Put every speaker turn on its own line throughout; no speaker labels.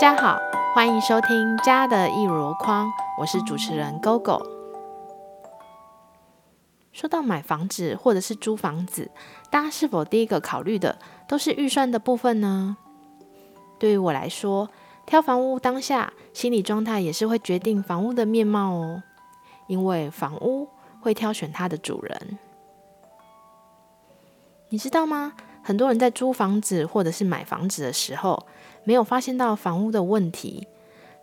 大家好，歡迎收聽《家的一籮筐》，我是主持人 GoGo。說到買房子或者是租房子，大家是否第一個考慮的都是預算的部分呢？對於我來說，挑房屋當下心理狀態也是會決定房屋的面貌哦，因為房屋會挑選它的主人。你知道嗎？很多人在租房子或者是買房子的時候，沒有發現到房屋的問題，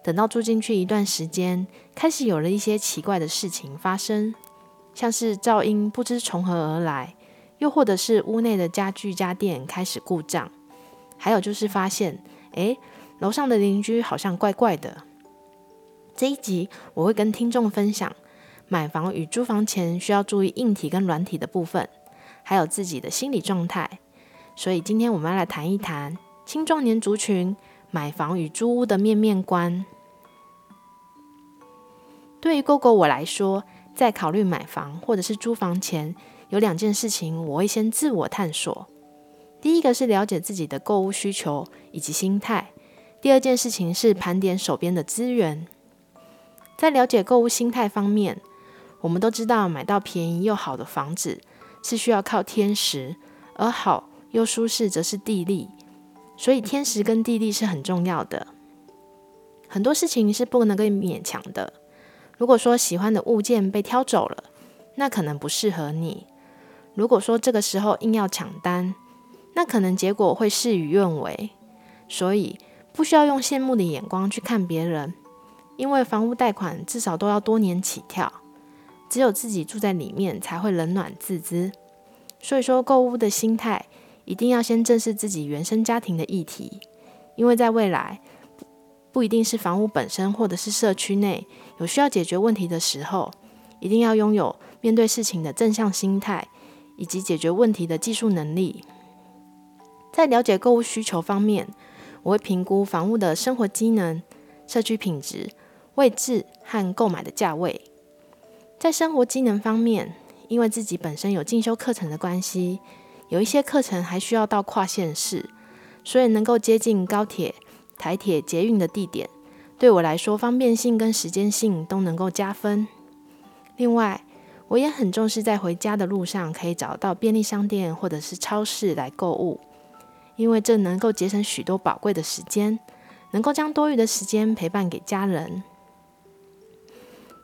等到住進去一段時間，開始有了一些奇怪的事情發生，像是噪音不知從何而來，又或者是屋內的家具家電開始故障，還有就是發現，誒，樓上的鄰居好像怪怪的。這一集我會跟聽眾分享買房與租房前需要注意硬體跟軟體的部分，還有自己的心理狀態。所以今天我們要來談一談。青壯年族群買房與租屋的面面觀。對於 GOGO 我來說，在考慮買房或者是租房前，有兩件事情我會先自我探索。第一個是了解自己的購屋需求以及心態；第二件事情是盤點手邊的資源。在了解購屋心態方面，我們都知道買到便宜又好的房子是需要靠天時，而好又舒適則是地利。所以天時跟地利是很重要的，很多事情是不能夠勉強的。如果說喜歡的物件被挑走了，那可能不適合你；如果說這個時候硬要搶單，那可能結果會事與願違。所以不需要用羨慕的眼光去看別人，因為房屋貸款至少都要多年起跳，只有自己住在裡面才會冷暖自知。所以說，購屋的心態。一定要先正視自己原生家庭的議題，因為在未來不，不一定是房屋本身或者是社區內有需要解決問題的時候，一定要擁有面對事情的正向心態以及解決問題的技術能力。在了解購物需求方面，我會評估房屋的生活機能、社區品質、位置和購買的價位。在生活機能方面，因為自己本身有進修課程的關係。有一些課程還需要到跨縣市，所以能夠接近高鐵、台鐵、捷運的地點，對我來說，方便性跟時間性都能夠加分。另外，我也很重視在回家的路上可以找到便利商店或者是超市來購物，因為這能夠節省許多寶貴的時間，能夠將多餘的時間陪伴給家人。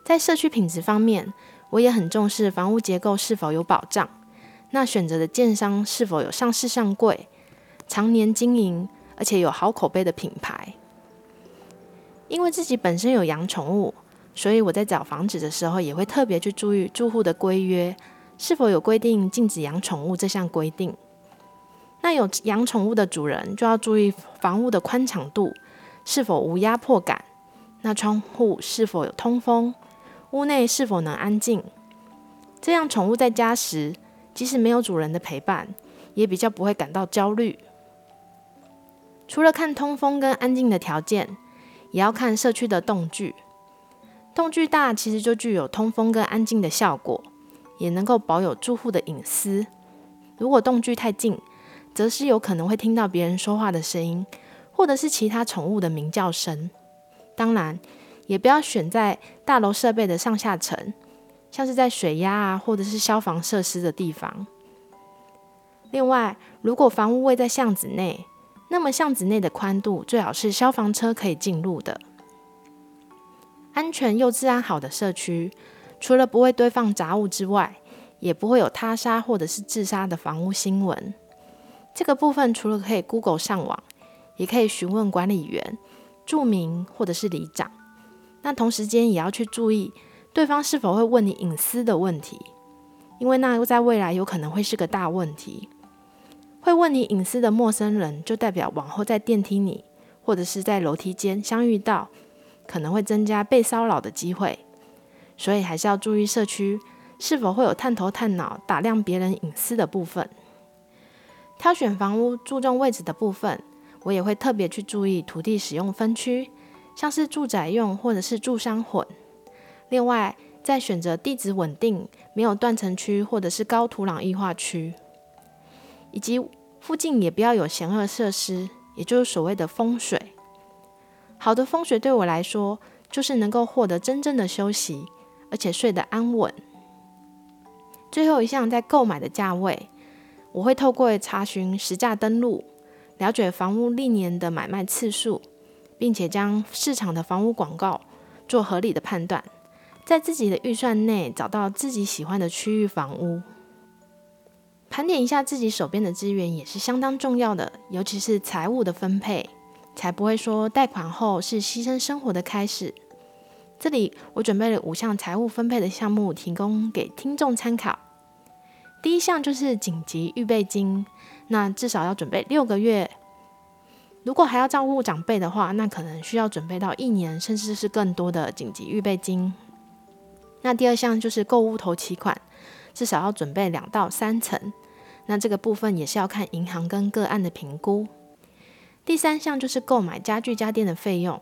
在社區品質方面，我也很重視房屋結構是否有保障。那選擇的建商是否有上市上櫃、常年經營，而且有好口碑的品牌？因為自己本身有養寵物，所以我在找房子的時候也會特別去注意住戶的規約，是否有規定禁止養寵物這項規定。那有養寵物的主人就要注意房屋的寬敞度，是否無壓迫感，那窗戶是否有通風，屋內是否能安靜，這樣寵物在家時。即使沒有主人的陪伴，也比較不會感到焦慮。除了看通風跟安靜的條件，也要看社區的棟距。棟距大，其實就具有通風跟安靜的效果，也能夠保有住戶的隱私。如果棟距太近，則是有可能會聽到別人說話的聲音，或者是其他寵物的鳴叫聲。當然，也不要選在大樓設備的上下層。像是在水壓啊，或者是消防設施的地方。另外，如果房屋位在巷子內，那麼巷子內的寬度最好是消防車可以進入的。安全又治安好的社區，除了不會堆放雜物之外，也不會有他殺或者是自殺的房屋新聞。這個部分除了可以 Google 上網，也可以詢問管理員、住民或者是里長。那同時間也要去注意。對方是否會問你隱私的問題？因為那在未來有可能會是個大問題。會問你隱私的陌生人，就代表往後在電梯裡或者是在樓梯間相遇到，可能會增加被騷擾的機會。所以還是要注意社區是否會有探頭探腦打量別人隱私的部分。挑選房屋注重位置的部分，我也會特別去注意土地使用分區，像是住宅用或者是住商混。另外，在選擇地質穩定、沒有斷層區或者是高土壤液化區，以及附近也不要有嫌惡設施，也就是所謂的風水。好的風水對我來說，就是能夠獲得真正的休息，而且睡得安穩。最後一項在購買的價位，我會透過查詢實價登錄，了解房屋歷年的買賣次數，並且將市場的房屋廣告做合理的判斷。在自己的預算內找到自己喜歡的區域房屋，盤點一下自己手邊的資源也是相當重要的，尤其是財務的分配，才不會說貸款後是犧牲生活的開始。這裡我準備了五項財務分配的項目，提供給聽眾參考。第一項就是緊急預備金，那至少要準備六個月。如果還要照顧長輩的話，那可能需要準備到一年，甚至是更多的緊急預備金。那第二項就是購屋頭期款，至少要準備兩到三成。那這個部分也是要看銀行跟個案的評估。第三項就是購買家具家電的費用，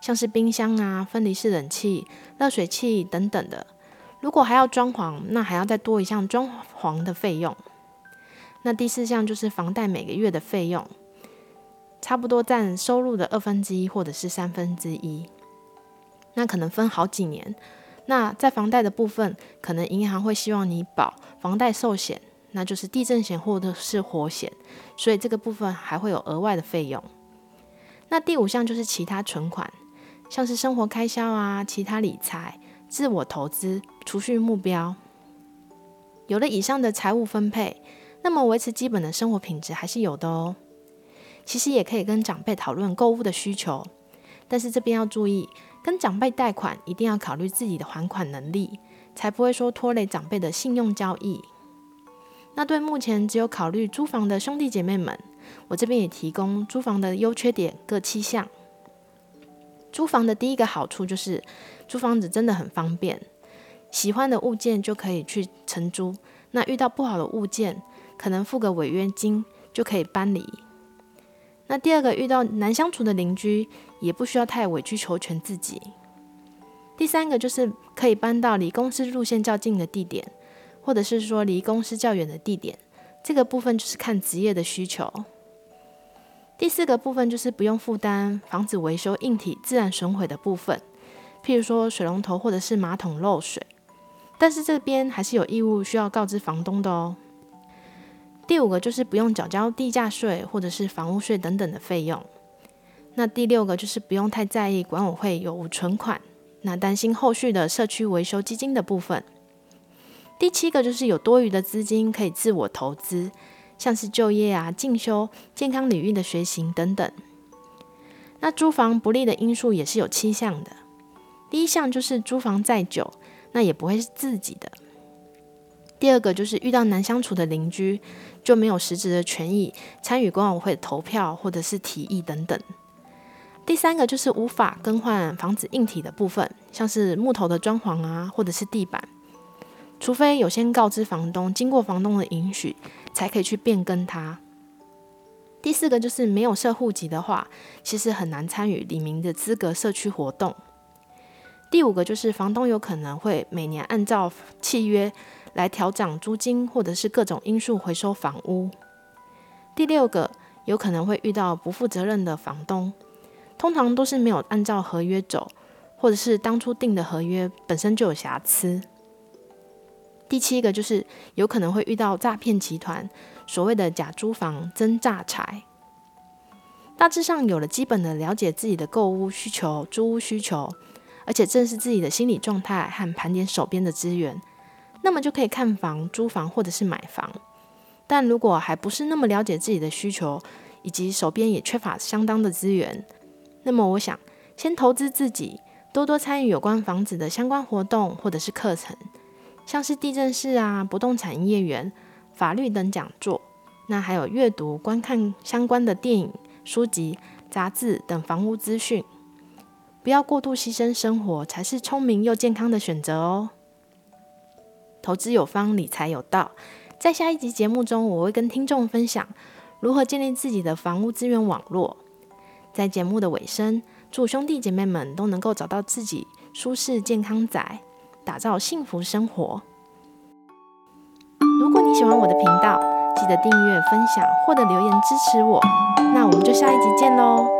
像是冰箱啊、分離式冷氣、熱水器等等的。如果還要裝潢，那還要再多一項裝潢的費用。那第四項就是房貸每個月的費用，差不多占收入的二分之一或者是三分之一。那可能分好幾年。那在房貸的部分，可能銀行會希望你保房貸壽險，那就是地震險或者是火險，所以這個部分還會有額外的費用。那第五項就是其他存款，像是生活開銷啊、其他理財、自我投資、儲蓄目標。有了以上的財務分配，那麼維持基本的生活品質還是有的哦。其實也可以跟長輩討論購物的需求，但是這邊要注意。跟長輩貸款一定要考慮自己的還款能力，才不會說拖累長輩的信用交易。那對目前只有考慮租房的兄弟姐妹們，我這邊也提供租房的優缺點各七項。租房的第一個好處就是，租房子真的很方便，喜歡的物件就可以去承租。那遇到不好的物件，可能付個違約金就可以搬離。那第二個遇到難相處的鄰居。也不需要太委曲求全自己。第三個就是可以搬到離公司路線較近的地點，或者是說離公司較遠的地點。這個部分就是看職業的需求。第四個部分就是不用負擔房子維修硬體自然損毀的部分，譬如說水龍頭或者是馬桶漏水。但是這邊還是有義務需要告知房東的哦。第五個就是不用繳交地價稅或者是房屋稅等等的費用。那第六個就是不用太在意管委會有無存款，那擔心後續的社區維修基金的部分。第七個就是有多餘的資金可以自我投資，像是就業啊、進修、健康領域的學習等等。那租房不利的因素也是有七項的。第一項就是租房再久，那也不會是自己的。第二個就是遇到難相處的鄰居，就沒有實質的權益參與管委會的投票或者是提議等等。第三個就是無法更換房子硬體的部分，像是木頭的裝潢啊，或者是地板，除非有先告知房東，經過房東的允許，才可以去變更它。第四個就是沒有設戶籍的話，其實很難參與里民的資格社區活動。第五個就是房東有可能會每年按照契約來調整租金，或者是各種因素回收房屋。第六個有可能會遇到不負責任的房東。通常都是沒有按照合約走，或者是當初定的合約本身就有瑕疵。第七個就是有可能會遇到詐騙集團，所謂的假租房真詐財。大致上有了基本的了解自己的購屋需求、租屋需求，而且正視自己的心理狀態和盤點手邊的資源，那麼就可以看房、租房或者是買房。但如果還不是那麼了解自己的需求，以及手邊也缺乏相當的資源。那麼我想先投資自己，多多參與有關房子的相關活動或者是課程，像是地政士啊、不動產營業員、法律等講座。那還有閱讀、觀看相關的電影、書籍、雜誌等房屋資訊。不要過度犧牲生活，才是聰明又健康的選擇哦。投資有方，理財有道。在下一集節目中，我會跟聽眾分享如何建立自己的房屋資源網絡。在節目的尾聲，祝兄弟姐妹們都能夠找到自己舒適健康宅，打造幸福生活。如果你喜歡我的頻道，記得訂閱、分享或者留言支持我。那我們就下一集見嘍。